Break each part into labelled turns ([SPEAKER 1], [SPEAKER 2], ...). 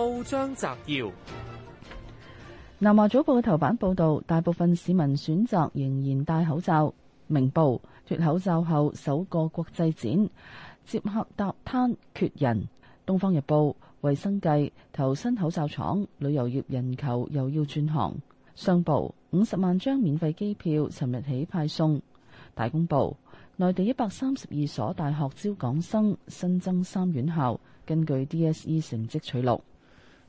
[SPEAKER 1] 報章摘要：南華早報嘅頭版報道，大部分市民選擇仍然戴口罩。明報脫口罩後首個國際展接客搭攤缺人。東方日報衛生計投身口罩廠，旅遊業人求又要轉行。商報五十萬張免費機票尋日起派送。大公報內地一百三十二所大學招港生，新增三院校，根據 DSE 成績取錄。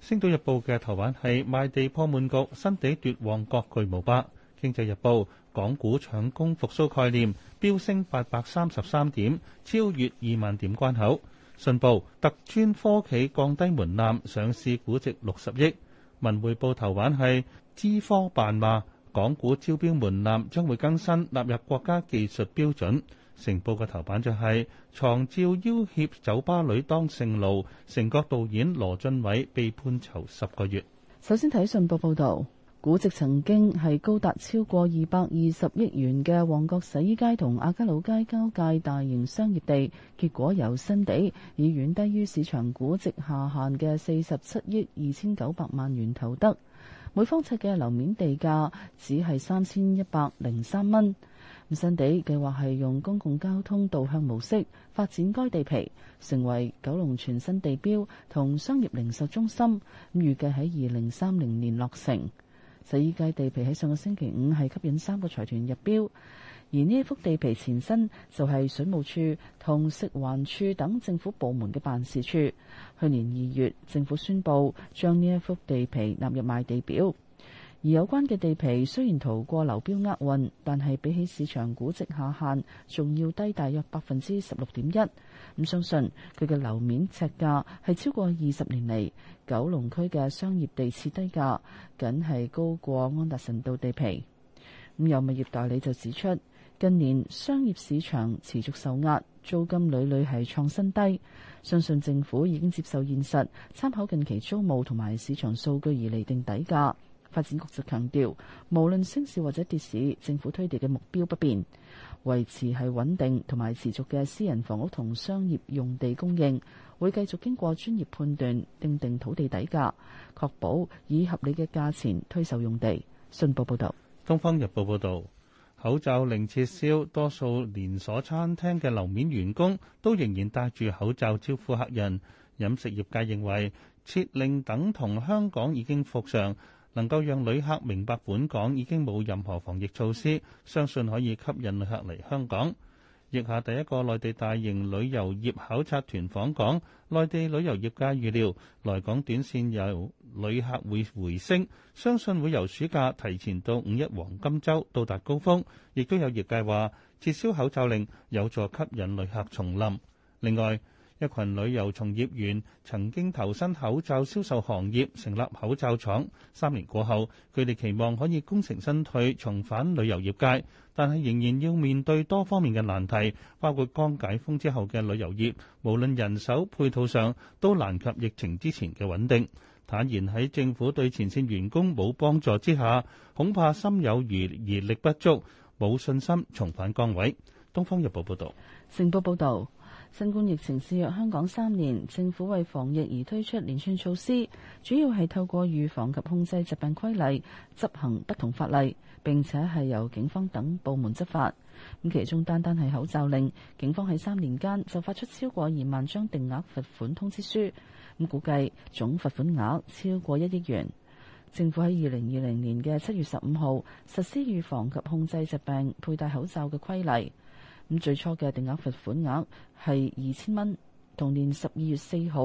[SPEAKER 2] 星島日報嘅頭版係賣地破滿局，新地奪旺角巨無霸。經濟日報港股搶攻復甦概念，飆升八百三十三點，超越二萬點關口。信報特專科企降低門檻上市，估值六十億。文匯報頭版係資科辦話港股招標門檻將會更新，納入國家技術標準。《成報》嘅頭版就係、是、床照要挾酒吧女當性奴」。成國導演羅俊偉被判囚十個月。
[SPEAKER 1] 首先睇《信報》報道，估值曾經係高達超過二百二十億元嘅旺角洗衣街同亞皆老街交界大型商業地，結果有新地以遠低於市場估值下限嘅四十七億二千九百萬元投得，每方尺嘅樓面地價只係三千一百零三蚊。新地計劃係用公共交通導向模式發展該地皮，成為九龍全新地標同商業零售中心。預計喺二零三零年落成。洗衣街地皮喺上個星期五係吸引三個財團入標，而呢幅地皮前身就係水務署同食環署等政府部門嘅辦事處。去年二月，政府宣布將呢一幅地皮納入賣地表。而有關嘅地皮雖然逃過樓標厄運，但係比起市場估值下限，仲要低大約百分之十六點一。咁相信佢嘅樓面尺價係超過二十年嚟九龍區嘅商業地次低價，僅係高過安達臣道地皮。咁有物業代理就指出，近年商業市場持續受壓，租金屢屢係創新低，相信政府已經接受現實，參考近期租務同埋市場數據而嚟定底價。發展局就強調，無論升市或者跌市，政府推地嘅目標不變，維持係穩定同埋持續嘅私人房屋同商業用地供應。會繼續經過專業判斷，定定土地底價，確保以合理嘅價錢推售用地。信報報道，
[SPEAKER 2] 《東方日報》報道，口罩令撤銷，多數連鎖餐廳嘅樓面員工都仍然戴住口罩招呼客人。飲食業界認為，撤令等同香港已經復常。能夠讓旅客明白本港已經冇任何防疫措施，相信可以吸引旅客嚟香港。疫下第一個內地大型旅遊業考察團訪港，內地旅遊業界預料來港短線有旅客會回升，相信會由暑假提前到五一黃金週到達高峰。亦都有業界話，撤銷口罩令有助吸引旅客重臨。另外，一群旅遊從業員曾經投身口罩銷售行業，成立口罩廠。三年過後，佢哋期望可以功成身退，重返旅遊業界，但係仍然要面對多方面嘅難題，包括剛解封之後嘅旅遊業，無論人手配套上都難及疫情之前嘅穩定。坦言喺政府對前線員工冇幫助之下，恐怕心有餘而力不足，冇信心重返崗位。《東方日報》報道。《晴報》報導。
[SPEAKER 1] 新冠疫情肆虐香港三年，政府為防疫而推出連串措施，主要係透過預防及控制疾病規例執行不同法例，並且係由警方等部門執法。咁其中單單係口罩令，警方喺三年間就發出超過二萬張定額罰款通知書，咁估計總罰款額超過一億元。政府喺二零二零年嘅七月十五號實施預防及控制疾病佩戴口罩嘅規例。咁最初嘅定額罰款額係二千蚊，同年十二月四號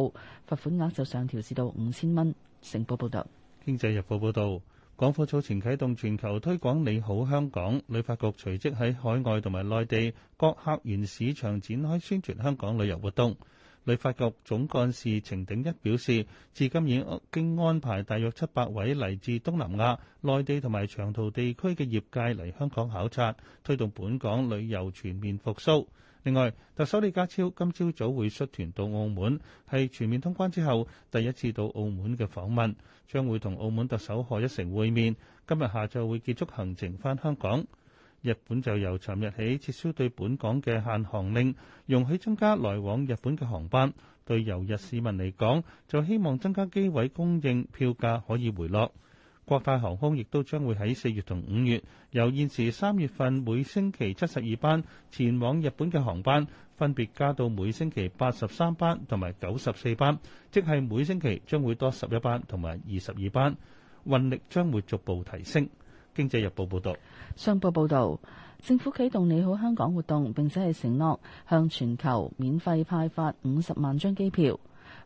[SPEAKER 1] 罰款額就上調至到五千蚊。
[SPEAKER 2] 成報報道。《經濟日報》報道，港府早前啟動全球推廣你好香港，旅發局隨即喺海外同埋內地各客源市場展開宣傳香港旅遊活動。旅發局總幹事程鼎一表示，至今已經安排大約七百位嚟自東南亞、內地同埋長途地區嘅業界嚟香港考察，推動本港旅遊全面復甦。另外，特首李家超今朝早，早會率團到澳門，係全面通關之後第一次到澳門嘅訪問，將會同澳門特首賀一誠會面。今日下晝會結束行程返香港。日本就由尋日起撤銷對本港嘅限航令，容許增加來往日本嘅航班。對遊日市民嚟講，就希望增加機位供應，票價可以回落。國泰航空亦都將會喺四月同五月，由現時三月份每星期七十二班前往日本嘅航班，分別加到每星期八十三班同埋九十四班，即係每星期將會多十一班同埋二十二班。運力將會逐步提升。經濟日報報道，商
[SPEAKER 1] 報報道，政府啟動你好香港活動，並且係承諾向全球免費派發五十萬張機票。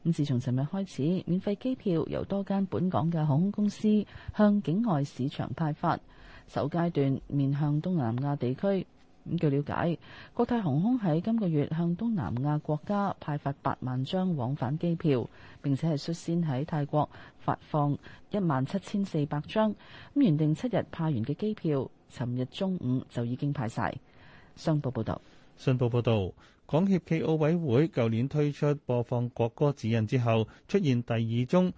[SPEAKER 1] 咁自從尋日開始，免費機票由多間本港嘅航空公司向境外市場派發，首階段面向東南亞地區。咁據了解，國泰航空喺今個月向東南亞國家派發八萬張往返機票，並且係率先喺泰國發放一萬七千四百張。咁原定七日派完嘅機票，尋日
[SPEAKER 2] 中午就已經派晒。商報報道，商報報導，港協暨奧委會舊年推出播放國歌指引之後，出現第二宗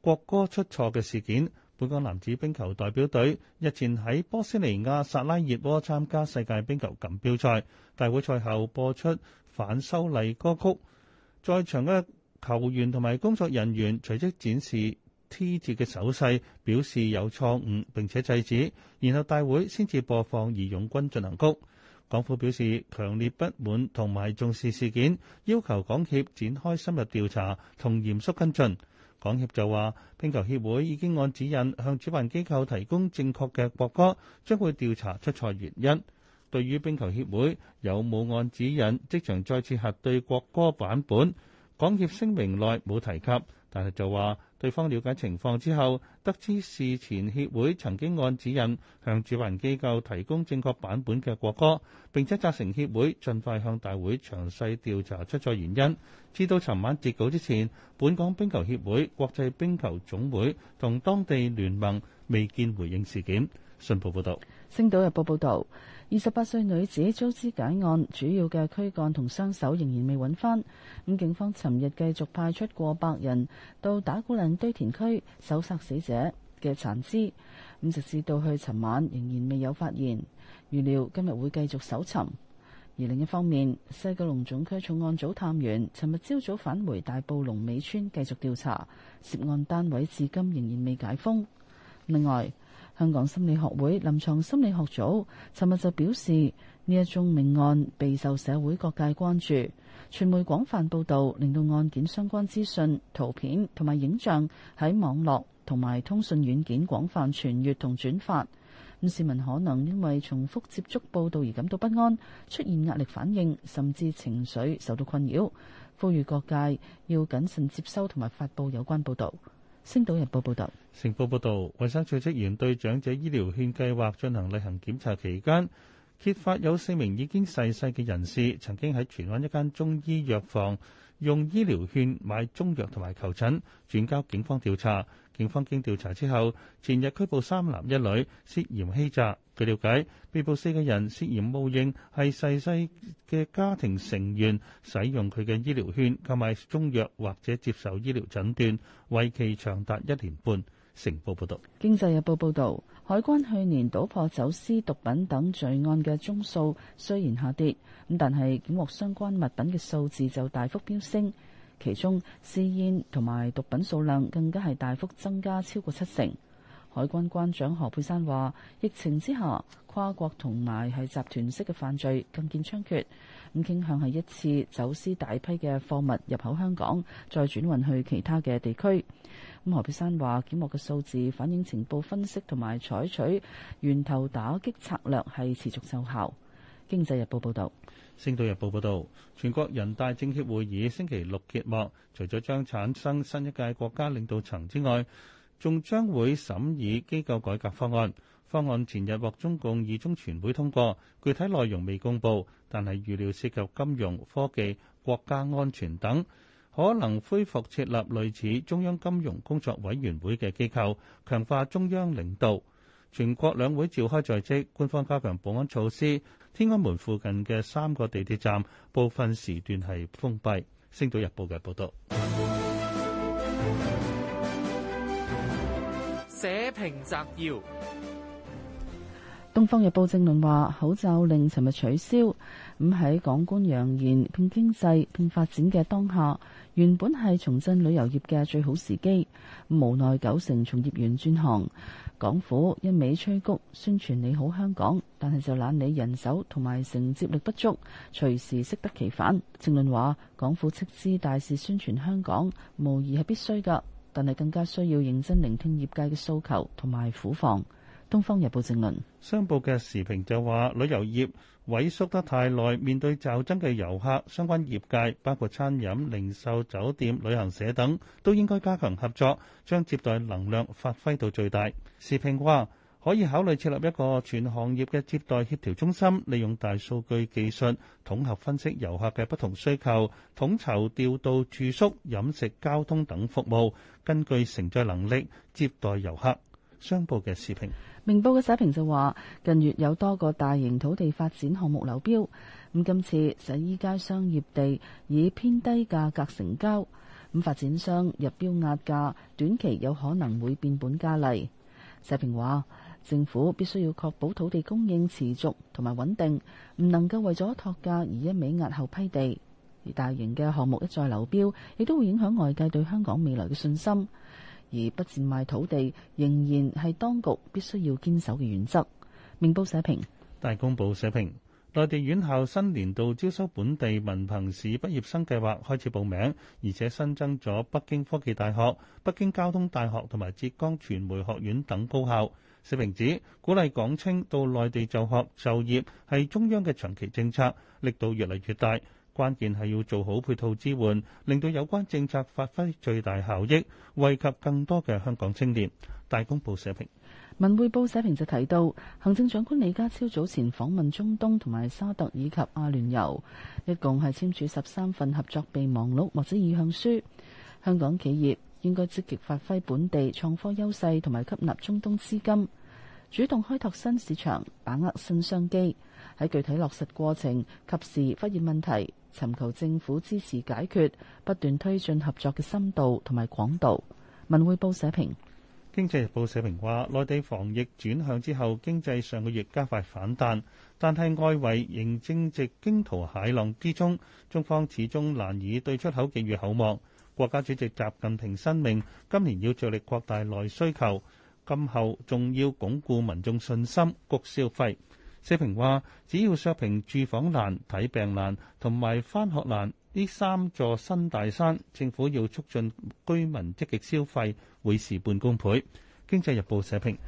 [SPEAKER 2] 國歌出錯嘅事件。本港男子冰球代表隊日前喺波斯尼亞薩拉熱窩參加世界冰球錦標賽，大會賽後播出反修例歌曲，在場嘅球員同埋工作人員隨即展示 T 字嘅手勢，表示有錯誤並且制止，然後大會先至播放義勇軍進行曲。港府表示強烈不滿同埋重視事件，要求港協展開深入調查同嚴肅跟進。港協就話，冰球協會已經按指引向主辦機構提供正確嘅國歌，將會調查出錯原因。對於冰球協會有冇按指引即場再次核對國歌版本，港協聲明內冇提及，但係就話。對方了解情況之後，得知事前協會曾經按指引向主辦機構提供正確版本嘅國歌，並且責成協會盡快向大會詳細調查出錯原因。至到尋晚截稿之前，本港冰球協會、國際冰球總會同當地聯盟未見回應事件。信報報道。
[SPEAKER 1] 星島日報報道，二十八歲女子遭肢解案，主要嘅軀幹同雙手仍然未揾返。咁警方尋日繼續派出過百人到打鼓嶺堆填區搜索死者嘅殘肢。咁直至到去尋晚仍然未有發現，預料今日會繼續搜尋。而另一方面，西九龍總區重案組探員尋日朝早返回大埔龍尾村繼續調查，涉案單位至今仍然未解封。另外，香港心理學會臨牀心理學組尋日就表示，呢一宗命案備受社會各界關注，傳媒廣泛報道，令到案件相關資訊圖片同埋影像喺網絡同埋通訊軟件廣泛傳閱同轉發，咁市民可能因為重複接觸報道而感到不安，出現壓力反應甚至情緒受到困擾，呼籲各界要謹慎接收同埋發布有關報道。星島日報報道，
[SPEAKER 2] 成報報道，衛生署職員對長者醫療券計劃進行例行檢查期間，揭發有四名已經逝世嘅人士曾經喺荃灣一間中醫藥房用醫療券買中藥同埋求診，轉交警方調查。警方經調查之後，前日拘捕三男一女，涉嫌欺詐，據了解，被捕四個人涉嫌冒認係逝世嘅家庭成員使用佢嘅醫療券購買中藥或者接受醫療診斷，為期長達一年半。成報報道，《
[SPEAKER 1] 經濟日報》報道，海關去年搗破走私毒品等罪案嘅宗數雖然下跌，咁但係檢獲相關物品嘅數字就大幅飆升，其中私煙同埋毒品數量更加係大幅增加，超過七成。海關關長何佩珊話：疫情之下，跨國同埋係集團式嘅犯罪更見猖獗，咁傾向係一次走私大批嘅貨物入口香港，再轉運去其他嘅地區。咁何佩珊話：檢獲嘅數字反映情報分析同埋採取源頭打擊策略
[SPEAKER 2] 係持續奏效。經濟日報報導，星島日報報道：「全國人大政協會議星期六揭幕，除咗將產生新一屆國家領導層之外，仲將會審議機構改革方案，方案前日獲中共二中全會通過，具體內容未公布，但係預料涉及金融、科技、國家安全等，可能恢復設立類似中央金融工作委員會嘅機構，強化中央領導。全國兩會召開在即，官方加強保安措施，天安門附近嘅三個地鐵站，部分時段係封閉。星島日報嘅報道。社評摘要：
[SPEAKER 1] 《東方日報》正論話：口罩令尋日取消，咁喺港官揚言拼經濟、拼發展嘅當下，原本係重振旅遊業嘅最好時機，無奈九成從業員轉行。港府一味吹谷宣傳你好香港，但係就懶理人手同埋承接力不足，隨時適得其反。正論話：港府斥資大肆宣傳香港，無疑係必須噶。但係更加需要認
[SPEAKER 2] 真聆聽業界嘅訴求同埋苦況。《東方日報》正論，商報嘅時評就話：旅遊業萎縮得太耐，面對驟增嘅遊客，相關業界包括餐飲、零售、酒店、旅行社等，都應該加強合作，將接待能量發揮到最大。時評話。可以考慮設立一個全行業嘅接待協調中心，利用大數據技術統合分析遊客嘅不同需求，統籌調度住宿、飲食、交通等服務，根據承載能力接待遊客。商報嘅視頻，
[SPEAKER 1] 明報嘅社評就話：近月有多個大型土地發展項目流標，咁今次洗衣街商業地以偏低價格成交，咁發展商入標壓價，短期有可能會變本加厲。社評話。政府必須要確保土地供應持續同埋穩定，唔能夠為咗托價而一味壓後批地。而大型嘅項目一再流標，亦都會影響外界對香港未來嘅信心。而不賤賣土地，仍然係當局必須要堅守嘅原則。明報社評，
[SPEAKER 2] 大公報社評，內地院校新年度招收本地文憑試畢業生計劃開始報名，而且新增咗北京科技大學、北京交通大學同埋浙江傳媒學院等高校。社評指，鼓勵港青到內地就學就業係中央嘅長期政策，力度越嚟越大，關鍵係要做好配套支援，令到有關政策發揮最大效益，惠及更多嘅香港青年。大公報社評，
[SPEAKER 1] 文匯報社評就提到，行政長官李家超早前訪問中東同埋沙特以及阿聯酋，一共係簽署十三份合作備忘錄或者意向書，香港企業，應該積極發揮本地創科優勢，同埋吸納中東資金，主動開拓新市場，把握新商機。喺具體落實過程，及時發現問題，尋求政府支持解決，不斷推進合作嘅深度同埋廣度。文匯報社評，
[SPEAKER 2] 經濟日報社評話：內地防疫轉向之後，經濟上個月加快反彈，但係外圍仍正值驚濤駭浪之中，中方始終難以對出口寄予厚望。國家主席習近平申明：「今年要着力擴大內需求，今後仲要鞏固民眾信心，谷消費。社評話，只要削平住房難、睇病難同埋返學難呢三座新大山，政府要促進居民積極消費，會事半功倍。經濟日報社評。